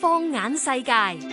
放眼世界。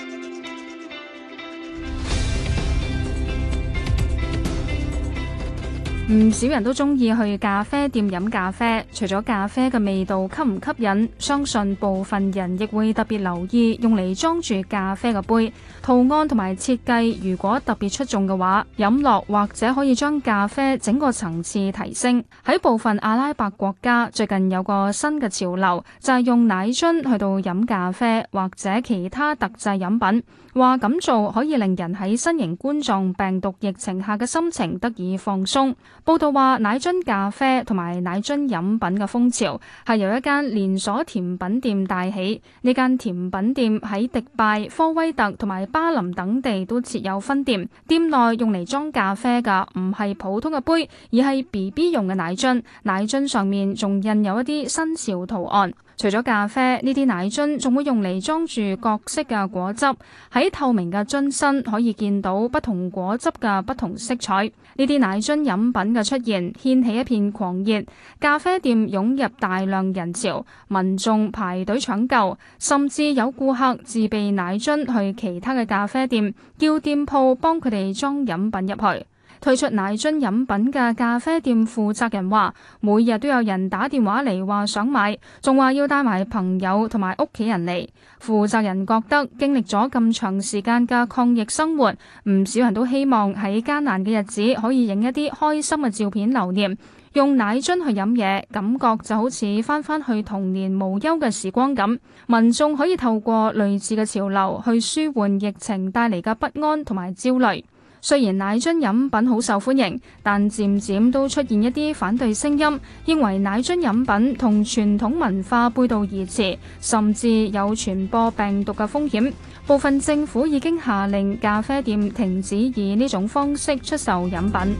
唔少人都中意去咖啡店飲咖啡，除咗咖啡嘅味道吸唔吸引，相信部分人亦會特別留意用嚟裝住咖啡嘅杯圖案同埋設計。如果特別出眾嘅話，飲落或者可以將咖啡整個層次提升。喺部分阿拉伯國家，最近有個新嘅潮流就係用奶樽去到飲咖啡或者其他特製飲品，話咁做可以令人喺新型冠狀病毒疫情下嘅心情得以放鬆。報道話，奶樽咖啡同埋奶樽飲品嘅風潮係由一間連鎖甜品店帶起。呢間甜品店喺迪拜、科威特同埋巴林等地都設有分店。店內用嚟裝咖啡嘅唔係普通嘅杯，而係 BB 用嘅奶樽。奶樽上面仲印有一啲生肖圖案。除咗咖啡，呢啲奶樽仲會用嚟裝住各式嘅果汁，喺透明嘅樽身可以見到不同果汁嘅不同色彩。呢啲奶樽飲品。嘅出現掀起一片狂熱，咖啡店湧入大量人潮，民眾排隊搶購，甚至有顧客自備奶樽去其他嘅咖啡店，叫店鋪幫佢哋裝飲品入去。推出奶樽飲品嘅咖啡店負責人話：每日都有人打電話嚟話想買，仲話要帶埋朋友同埋屋企人嚟。負責人覺得經歷咗咁長時間嘅抗疫生活，唔少人都希望喺艱難嘅日子可以影一啲開心嘅照片留念。用奶樽去飲嘢，感覺就好似翻返去童年無憂嘅時光咁。民眾可以透過類似嘅潮流去舒緩疫情帶嚟嘅不安同埋焦慮。雖然奶樽飲品好受歡迎，但漸漸都出現一啲反對聲音，認為奶樽飲品同傳統文化背道而馳，甚至有傳播病毒嘅風險。部分政府已經下令咖啡店停止以呢種方式出售飲品。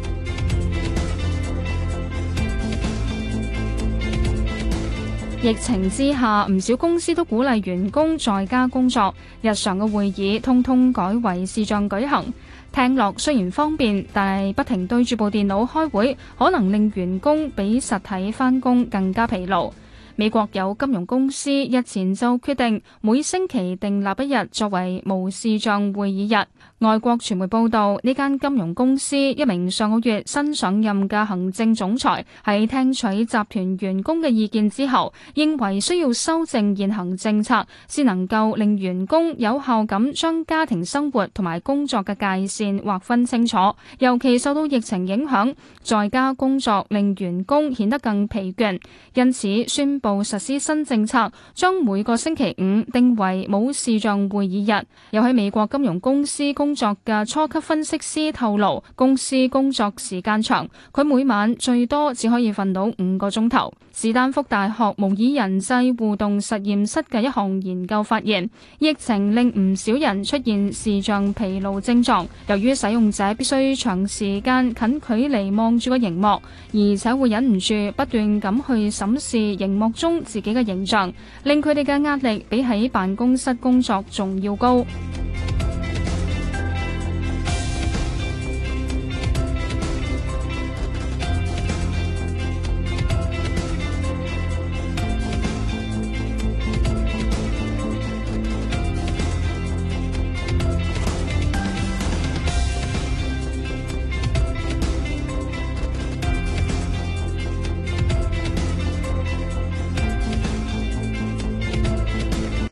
疫情之下，唔少公司都鼓勵員工在家工作，日常嘅會議通通改為視像舉行。聽落雖然方便，但係不停對住部電腦開會，可能令員工比實體返工更加疲勞。美國有金融公司日前就決定每星期定立一日作為無視像會議日。外國傳媒報道，呢間金融公司一名上個月新上任嘅行政總裁喺聽取集團員工嘅意見之後，認為需要修正現行政策，先能夠令員工有效咁將家庭生活同埋工作嘅界綫劃分清楚。尤其受到疫情影響，在家工作令員工顯得更疲倦，因此宣布。實施新政策，將每個星期五定為冇視像會議日。又喺美國金融公司工作嘅初級分析師透露，公司工作時間長，佢每晚最多只可以瞓到五個鐘頭。史丹福大學模擬人際互動實驗室嘅一項研究發現，疫情令唔少人出現視像疲勞症狀。由於使用者必須長時間近距離望住個熒幕，而且會忍唔住不斷咁去審視熒幕中自己嘅形象，令佢哋嘅壓力比喺辦公室工作仲要高。